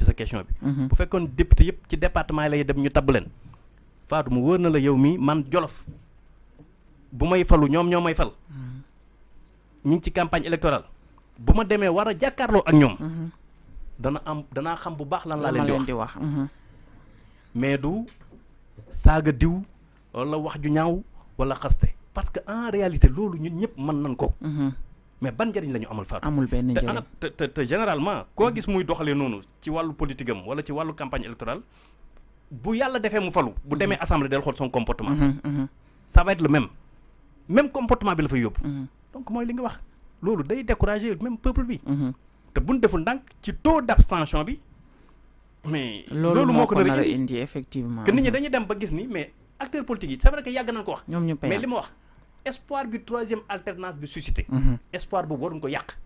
ci sa question bi. Mm-hmm. bu fekkoon député yëpp ci département lay dem ñu tabb leen faatu mu wóor na la yow mii man Jolof bu may falu ñoom ñoo may fal. Mm-hmm. ñu ngi ci campagne électorale bu ma demee war a jàkkaarloo ak ñoom. Mm-hmm. dana am danaa xam bu baax lan laa leen di wax mais du saaga diw wala wax ju ñaaw wala xaste parce que en réalité loolu ñun ñëpp mën nañ ko. mais ban njëriñ la ñu amal Fatou. amul benn njëriñ te te généralement. koo gis muy doxalee noonu ci wàllu politique am wala ci wàllu campagne électorale bu yàlla defee mu falu. bu mhm. demee assemblée del xool son comportement. Mhm, mhm. ça va être le même même comportement bi la fay yóbbu. donc mooy li nga wax loolu day décourager même peuple bi. te bu buñ deful ndànk ci taux d' abstention bi. mais loolu moo ko nar a indi effectivement. que nit ñi dañuy dem ba gis ni mais acteur politique yàgg nañ ko wax. ñoom ñu li ma wax. espoir bi troisième alternance bi suscité. Mhm. espoir boobu warun ko yak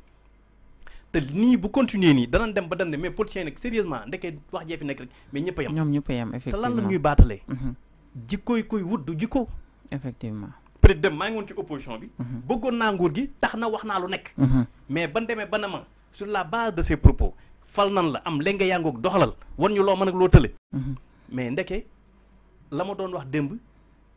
te ni bu continuer da danañ dem ba dem mais politiciens sérieusement ndekee wax jéfi nek rek mais ñëpp a ñom ñoom ñëpp a effectivement te lan la ñuy batalé mhm. jikkooy koy wuddu du effectivement Près de ma ngi won ci opposition bi. Mhm. bëggoon na nguur gi tax na wax na lu nek mais ban démé banama sur la base de ses propos fal nan la am léeg nga yaa ngoog doxalal war ñu lo man ak lo teulé mais ndeke la ma doon wax demb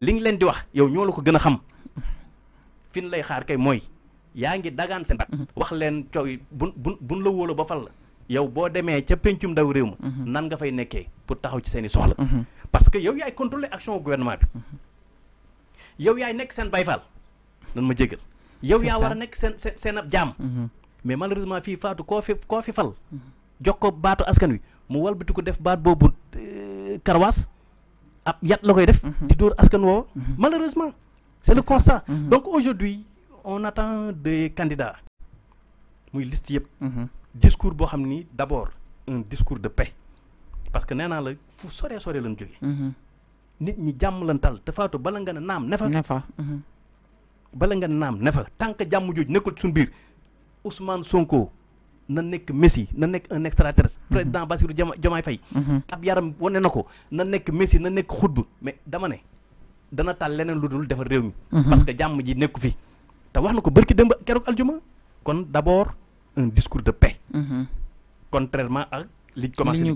li ñu leen di wax yow ñoo la ko gën a xam fi lay xaar kay mooy yaa ngi dagaan seen baat wax leen coow yi bu bu buñ la wóolu ba fal la yow boo demee ca pencum ndaw réew ma nan nga fay nekkee pour taxaw ci seen i soxla parce que yow yaay contrôler action gouvernement bi yow yaay nekk seen bayfaal nan ma jégal yow yaa war a nekk seen seen seen ab jaam mais malheureusement fii faatu koo fi koo fi fal jox ko baatu askan wi mu walbati ko def baat boobu karwaas yat la koy def mhm. di door askan wo mhm. malheureusement c'est le constat mhm. donc aujourd'hui on attend des candidats muy liste yëpp discours bo xamni ni d'abord un discours de paix parce que nena la fu soree sore lañu jóge nit ñi jàmm lan te faatu bala nga ne naam ne fa bala nga naam tant que jàmm ne nekkul suñu biir Ousmane Sonko na nek Messi na nek un extraterrestre mhm. président Bassirou Diomaye fay mhm. ab yaram wane na ko na Messi na nek xutb mais dama ne dana tal lenen luddul defal rewmi mhm. parce que jamm ji nekou fi te waxnako barki ko bërki démb aljuma kon d'abord un discours de paix contrairement ak li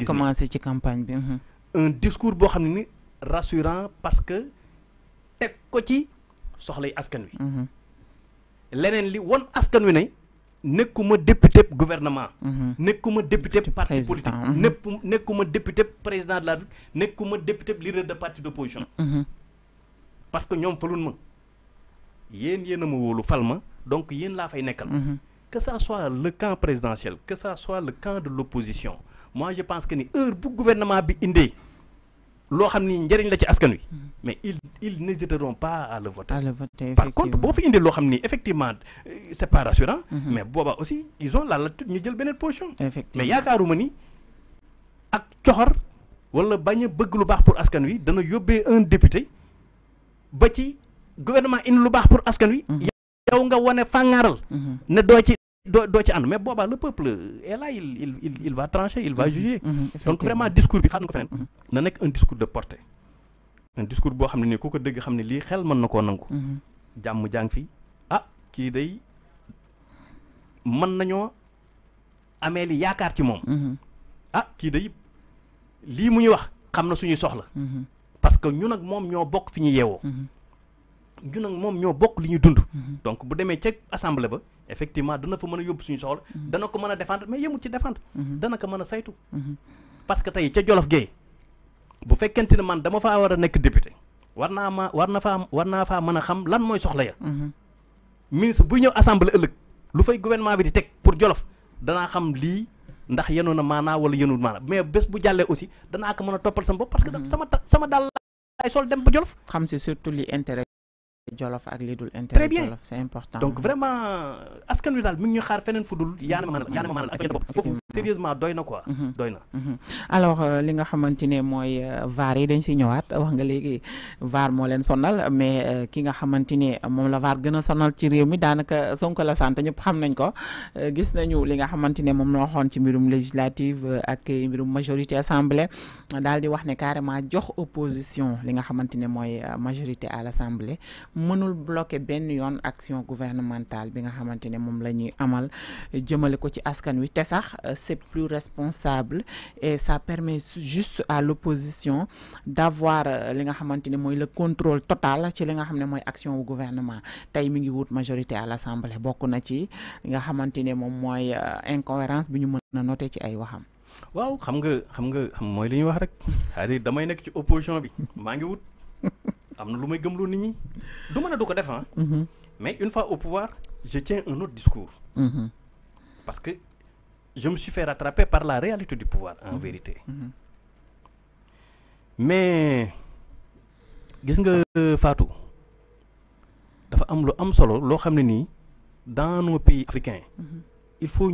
commencé ci campagne bi un discours bo xamni rassurant parce que tek ko ci soxlay askan wi lenen li won askan wi ne comme député gouvernement. comme député parti politique. Mhm. ne comme député président de la République comme député leader de parti d'opposition. Mhm. Mhm. parce que nous avons yeen yéen donc yeen la fay nekkal. que ça soit le camp présidentiel que ça soit le camp de l'opposition moi je pense que ni heure bu gouvernement bi Hmm. mais ils n'hésiteront pas à le voter. par contre fi effectivement euh, c'est pas rassurant. Hmm. mais aussi ils ont la latitude ñu jël position. mais il y a bëgg lu pour un député gouvernement pour hmm. ne doo ci ànd mais Boba, le peuple et là il il il il va trancher il va mm-hmm. juger. Mm-hmm. donc vraiment discours bi xam nga ko mm-hmm. na un discours de portée. un discours boo xam ne nii ku ko dëgg xam ne lii xel mën na nangu. jàmm jàng fi ah kii day man nañoo ameli li yaakaar ci mom ah ki day li mu wax xamna suñu soxla. parce que ñun ak mom ño bok fiñu yéwo ñun ak mom ño bok liñu dund. donc bu démé ci assemblée ba. effectivement dana fa meuna a suñu soxla mhm. dana ko meuna a défendre mais yemul ci défendre mhm. dana ko meuna a saytu mhm. parce que tay ci jollof gay bu fekkenti man dama fa wara nek député warna ma warna fa warna fa meuna xam lan moy soxla ya ministre bu ñew assemblée euleuk lu fay gouvernement bi di tek pour jollof dana xam li ndax yenuna mana wala yenul mana mais bes bu jalle aussi dana ko meuna topal sama bop parce que sama sama dal ay sol dem ba jollof xam ci surtout li intérêt Très ak c'est important donc vraiment askan wi nous mi ñu xaar yaana quoi mhm. doyna mhm. alors euh, li nga ne euh, VAR yi dañ ñëwaat wax nga VAR mo sonal mais euh, ki nga sonal ci réew mi Sonko la sante xam nañ ko gis nañu li nga la législative majorité assemblée daal di wax ne carrément jox opposition li nga xamante moy euh, majorité à l'Assemblée mënul bloquer ben yon action gouvernementale bi nga xamante mom lañuy amal euh, jëmale ko ci askan wi te sax euh, c'est plus responsable et ça permet juste à l'opposition d'avoir li nga xamante moy le contrôle total ci li nga xam moy action au gouvernement tay mi ngi wut majorité à l'Assemblée bokku na ci nga xamante mom moy incohérence bi ñu mëna noter ci ay waxam waaw xam nga xam nga xam mooy li ñuy wax rek c'est-à-dire damay nekk ci opposition bi maa ngi wut am na lu may gëm gëmloo nit ñi du mën a du ko def ah. mhm. mais une fois au pouvoir je tiens un autre discours. Mhm. parce que je me suis fait rattraper par la réalité du pouvoir en mmh. vérité. Mhm. mais gis nga euh, Fatou dafa am lu am solo loo xam ne nii dans pays africains. il faut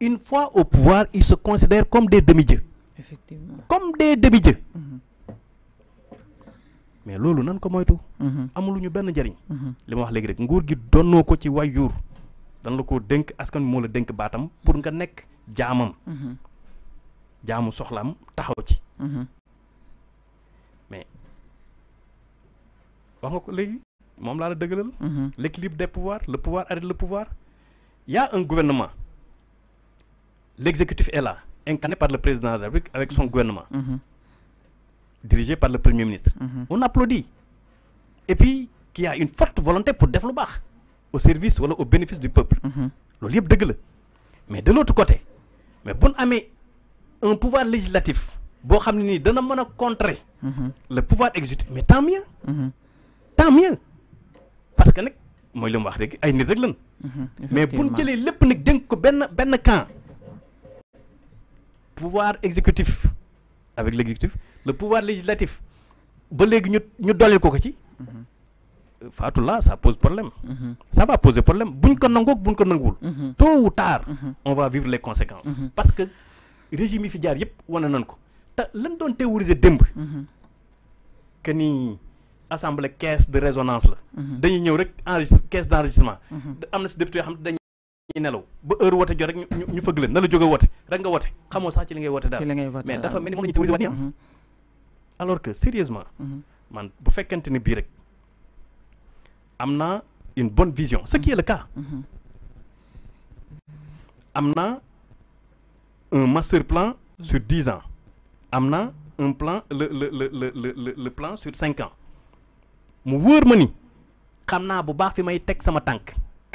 une fois au pouvoir, ils se considèrent comme des demi-dieux. Effectivement. Comme des demi-dieux. Mhm. mais loolu nan ko moytu. Mhm. amuluñu benn njariñ. Mhm. li ma wax léegi rek nguur gi donnoo ko ci waajur dan la ko denk, askan wi moo la dénk pour nga nek jamam. Jamu soxlam taxaw ci. mais wax nga ko léegi moom laa la dëggalal. l'équilibre des pouvoirs le pouvoir arrête le pouvoir Il y a un gouvernement l'exécutif est là, incarné par le président de la République avec son gouvernement, mm-hmm. dirigé par le Premier ministre. Mm-hmm. On applaudit. Et puis, qu'il y a une forte volonté pour développer au service ou au bénéfice du peuple. Mmh. Mais de l'autre côté, mais bon ami, un pouvoir législatif, bon amini, de contrer mm-hmm. le pouvoir exécutif, mais tant mieux. Tant mieux. Parce que, moi, je le mais pour nous, les gens ben cas pouvoir exécutif avec l'exécutif le pouvoir législatif ba léegi ñu ñu dolli ko ko ci mhm. ça pose problème mhm. ça va poser problème buñ ko nangoog buñ ko nanguwul mhm. tôt ou tard on va vivre les conséquences parce que régime yi fi jaar yëpp wane nañ ko te lan doon théoriser que ni assemblée caisse de résonance la dañuy ñëw rek enregistre caisse d'enregistrement député dañ ñi nelaw ba heure woote jot rek ñu fëgg leen na la joge wote rek nga wote xamoo sax ci li ngay wote daal mais dafa mel ni moom la ñu théorisé waat alors que sérieusement mhm. man bu fekkente ni bi rek amna une bonne vision ce qui est le cas mhm. amna un master plan sur 10 ans amna un plan le le le le le le plan sur 5 ans mu wóor ma ni xamna bu baax fi may tek sama tànk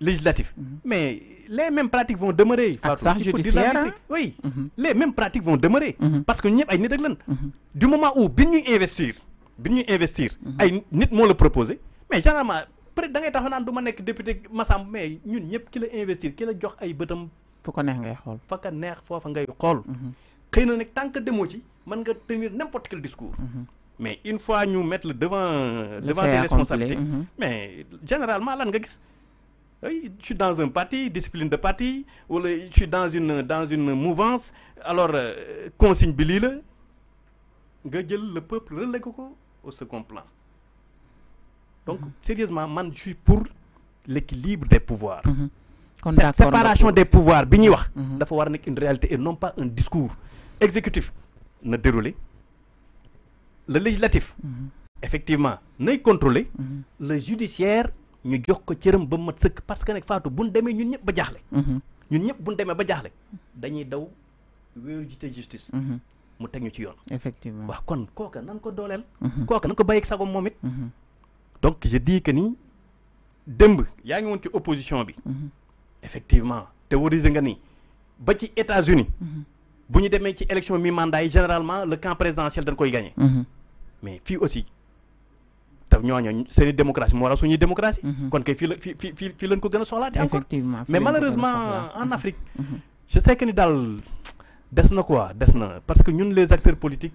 législatif. Mhm. Mais les mêmes pratiques vont demeurer. Fatou. Ça, je dis la vérité. Hein? Oui, mhm. les mêmes pratiques vont demeurer. Mm -hmm. Parce que nous sommes Du moment où nous investir, nous investir, mhm. nous le proposer, mais généralement, peut-être que nous avons un député, Massam, mais nous sommes investir, qui investir, qui investir, faut qu'on ait un faut qu'on ait faut qu'on ait un tant que démo, man nga tenir n'importe quel discours. Mais une fois nous mettre le devant, devant des responsabilités, mais généralement, là, nous je suis dans un parti, discipline de parti, ou je suis dans une, dans une mouvance. Alors, euh, consigne le, le peuple relègue au second plan. Donc, mhm. sérieusement, je suis pour l'équilibre des pouvoirs. Mhm. séparation des pouvoirs, il faut avoir une réalité et non pas un discours. Exécutif, ne déroulé. Le législatif, mhm. effectivement, ne contrôlé. Le judiciaire, ñu jox ko cëram ba parce que nag Fatou buñ ñun ba ñun ba justice. effectivement kon donc je dis que ni opposition bi. Mhm. effectivement théoriser nga ni ba ci États-Unis mhm. bu ñu demee ci élection mi mandat généralement le camp présidentiel dañ koy gagné. Mhm. mais fii aussi. te ñooñu i démocratie moo waral suñuy démocratie mhm. kon kay fii la fii fii ko gën a soxlaate encore mais malheureusement en Afrique mhm. je sais daal des na quoi des na parce que ñun les acteurs politiques